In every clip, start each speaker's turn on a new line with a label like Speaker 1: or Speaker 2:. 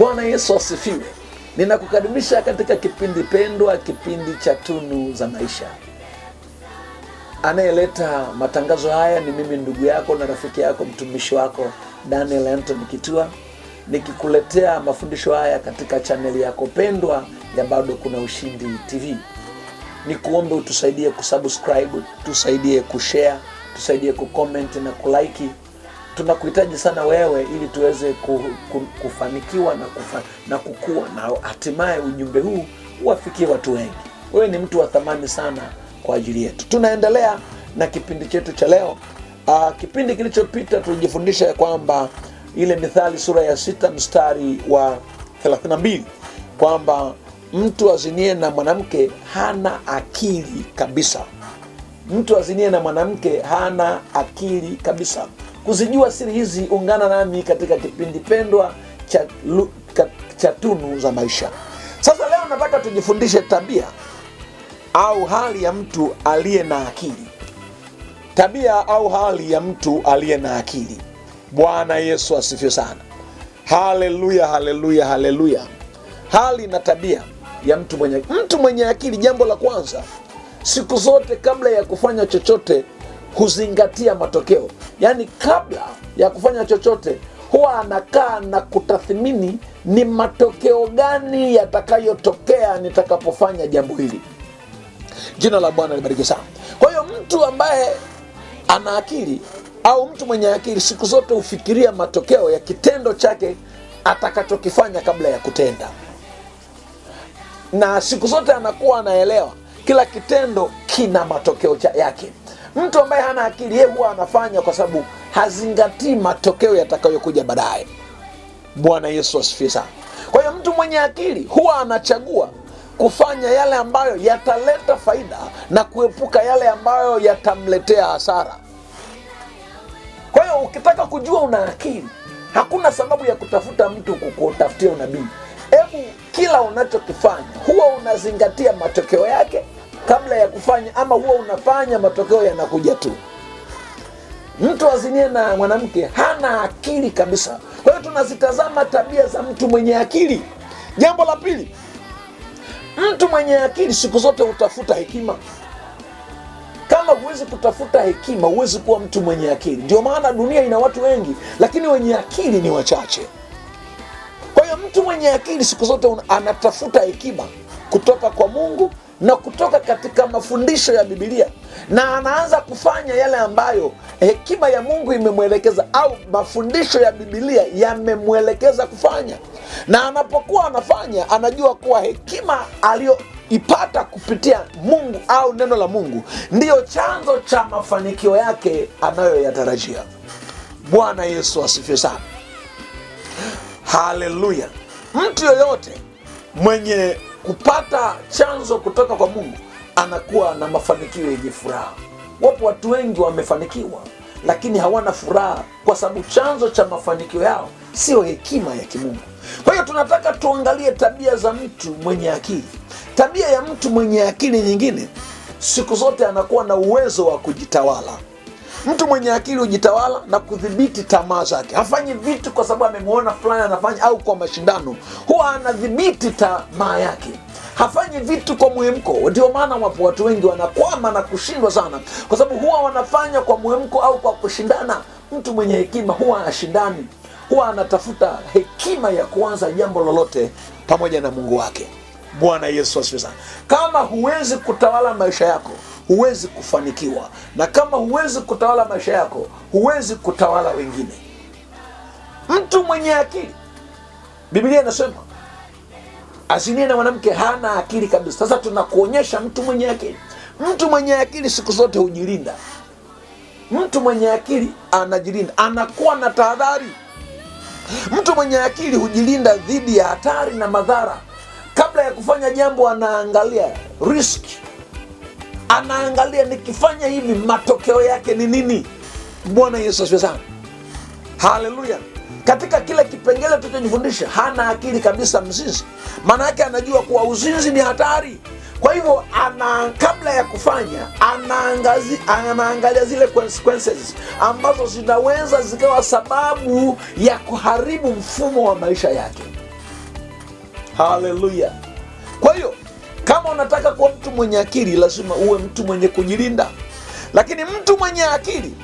Speaker 1: Bwana Yesu asifiwe. Ninakukaribisha katika kipindi pendwa, kipindi cha Tunu za Maisha. Anayeleta matangazo haya ni mimi ndugu yako na rafiki yako mtumishi wako Daniel anton Kitua, nikikuletea mafundisho haya katika chaneli yako pendwa ya Bado Kuna Ushindi TV. Nikuombe utusaidie kusubscribe, tusaidie kushare, tusaidie kucomment na kulike tunakuhitaji sana wewe ili tuweze kufanikiwa na, kufa, na kukua na hatimaye ujumbe huu uwafikie watu wengi. Wewe ni mtu wa thamani sana kwa ajili yetu. Tunaendelea na kipindi chetu cha leo. Uh, kipindi kilichopita tulijifundisha ya kwamba ile Mithali sura ya sita mstari wa 32 kwamba mtu azinie na mwanamke hana akili kabisa. Mtu azinie na mwanamke hana akili kabisa. Kuzijua siri hizi, ungana nami katika kipindi pendwa cha, cha Tunu za Maisha. Sasa leo nataka tujifundishe tabia au hali ya mtu aliye na akili. Tabia au hali ya mtu aliye na akili. Bwana Yesu asifiwe sana. Haleluya, haleluya, haleluya. Hali na tabia ya mtu mwenye, mtu mwenye akili. Jambo la kwanza, siku zote kabla ya kufanya chochote huzingatia matokeo, yaani kabla ya kufanya chochote huwa anakaa na kutathmini ni matokeo gani yatakayotokea nitakapofanya jambo hili. Jina la Bwana libariki sana. Kwa hiyo mtu ambaye ana akili au mtu mwenye akili siku zote hufikiria matokeo ya kitendo chake atakachokifanya kabla ya kutenda, na siku zote anakuwa anaelewa kila kitendo kina matokeo yake. Mtu ambaye hana akili yeye huwa anafanya kwa sababu hazingatii matokeo yatakayokuja baadaye. Bwana Yesu asifiwe sana. Kwa hiyo mtu mwenye akili huwa anachagua kufanya yale ambayo yataleta faida na kuepuka yale ambayo yatamletea hasara. Kwa hiyo ukitaka kujua una akili, hakuna sababu ya kutafuta mtu kukutafutia unabii. Hebu kila unachokifanya huwa unazingatia matokeo yake kabla ya kufanya, ama huwa unafanya, matokeo yanakuja tu. Mtu azinie na mwanamke hana akili kabisa. Kwa hiyo tunazitazama tabia za mtu mwenye akili. Jambo la pili, mtu mwenye akili siku zote hutafuta hekima. Kama huwezi kutafuta hekima, huwezi kuwa mtu mwenye akili. Ndio maana dunia ina watu wengi, lakini wenye akili ni wachache. Kwa hiyo mtu mwenye akili siku zote anatafuta hekima kutoka kwa Mungu na kutoka katika mafundisho ya Biblia na anaanza kufanya yale ambayo hekima ya Mungu imemwelekeza au mafundisho ya Biblia yamemwelekeza kufanya. Na anapokuwa anafanya, anajua kuwa hekima aliyoipata kupitia Mungu au neno la Mungu ndiyo chanzo cha mafanikio yake anayoyatarajia. Bwana Yesu asifiwe sana, haleluya. Mtu yoyote mwenye kupata chanzo kutoka kwa Mungu anakuwa na mafanikio yenye furaha. Wapo watu wengi wamefanikiwa, lakini hawana furaha kwa sababu chanzo cha mafanikio yao sio hekima ya kimungu. Kwa hiyo tunataka tuangalie tabia za mtu mwenye akili. Tabia ya mtu mwenye akili nyingine, siku zote anakuwa na uwezo wa kujitawala. Mtu mwenye akili hujitawala na kudhibiti tamaa zake. Hafanyi vitu kwa sababu amemwona fulani anafanya au kwa mashindano, huwa anadhibiti tamaa yake. Hafanyi vitu kwa mwemko. Ndio maana wapo watu wengi wanakwama na kushindwa sana, kwa sababu huwa wanafanya kwa mwemko au kwa kushindana. Mtu mwenye hekima huwa ashindani, huwa anatafuta hekima ya kuanza jambo lolote pamoja na Mungu wake. Bwana Yesu asifiwe sana. Kama huwezi kutawala maisha yako huwezi kufanikiwa, na kama huwezi kutawala maisha yako, huwezi kutawala wengine. Mtu mwenye akili, Biblia inasema asinie na mwanamke, hana akili kabisa. Sasa tunakuonyesha mtu mwenye akili. Mtu mwenye akili siku zote hujilinda. Mtu mwenye akili anajilinda, anakuwa na tahadhari. Mtu mwenye akili hujilinda dhidi ya hatari na madhara. Kabla ya kufanya jambo, anaangalia riski anaangalia nikifanya hivi matokeo yake ni nini. Bwana Yesu asifiwe sana, haleluya. Katika kile kipengele tulichojifundisha, hana akili kabisa mzinzi, maana yake anajua kuwa uzinzi ni hatari. Kwa hivyo ana kabla ya kufanya anaangazi, anaangalia zile consequences ambazo zinaweza zikawa sababu ya kuharibu mfumo wa maisha yake. Haleluya! Kwa hiyo kama unataka kuwa mtu mwenye akili, lazima uwe mtu mwenye kujilinda. Lakini mtu mwenye akili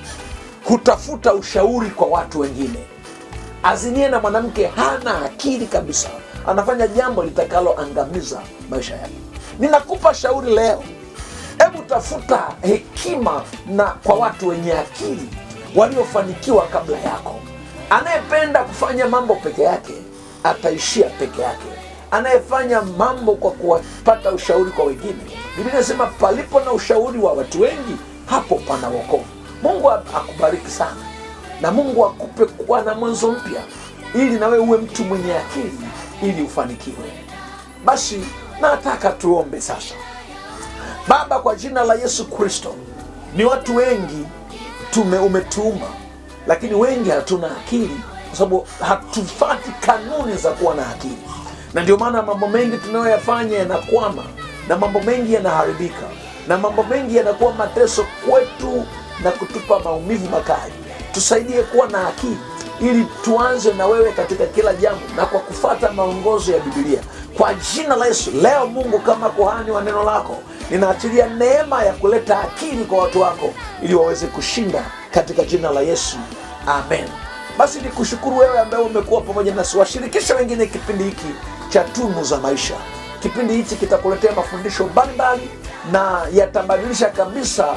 Speaker 1: hutafuta ushauri kwa watu wengine. Azinie na mwanamke hana akili kabisa, anafanya jambo litakaloangamiza maisha yake. Ninakupa shauri leo, hebu tafuta hekima na kwa watu wenye akili waliofanikiwa kabla yako. Anayependa kufanya mambo peke yake ataishia peke yake anayefanya mambo kwa kuwapata ushauri kwa wengine. Biblia inasema palipo na ushauri wa watu wengi, hapo pana wokovu. Mungu akubariki sana, na Mungu akupe kuwa na mwanzo mpya, ili nawe uwe mtu mwenye akili, ili ufanikiwe. Basi nataka tuombe sasa. Baba, kwa jina la Yesu Kristo, ni watu wengi tume umetuuma, lakini wengi hatuna akili, kwa sababu hatufati kanuni za kuwa na akili na ndio maana mambo mengi tunayoyafanya yanakwama na mambo mengi yanaharibika na mambo mengi yanakuwa mateso kwetu na kutupa maumivu makali. Tusaidie kuwa na akili ili tuanze na wewe katika kila jambo na kwa kufata maongozo ya Biblia. Kwa jina la Yesu, leo Mungu, kama kuhani wa neno lako, ninaachilia neema ya kuleta akili kwa watu wako ili waweze kushinda katika jina la Yesu, amen. Basi ni kushukuru wewe ambaye umekuwa pamoja nasi. Washirikisha wengine kipindi hiki cha Tunu za Maisha. Kipindi hichi kitakuletea mafundisho mbalimbali na yatabadilisha kabisa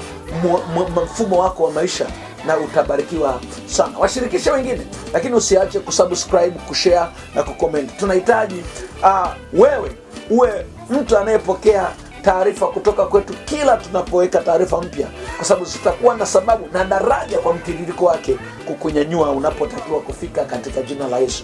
Speaker 1: mfumo wako wa maisha na utabarikiwa sana. Washirikishe wengine, lakini usiache kusubscribe, kushare na kucomment. Tunahitaji uh, wewe uwe mtu anayepokea taarifa kutoka kwetu kila tunapoweka taarifa mpya, kwa sababu zitakuwa na sababu na daraja kwa mtiririko wake kukunyanyua unapotakiwa kufika katika jina la Yesu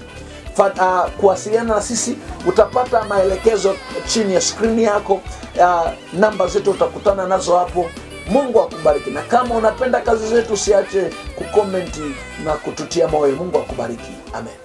Speaker 1: uh, kuwasiliana na sisi, utapata maelekezo chini ya skrini yako. Uh, namba zetu utakutana nazo hapo. Mungu akubariki, na kama unapenda kazi zetu usiache kukomenti na kututia moyo. Mungu akubariki, amen.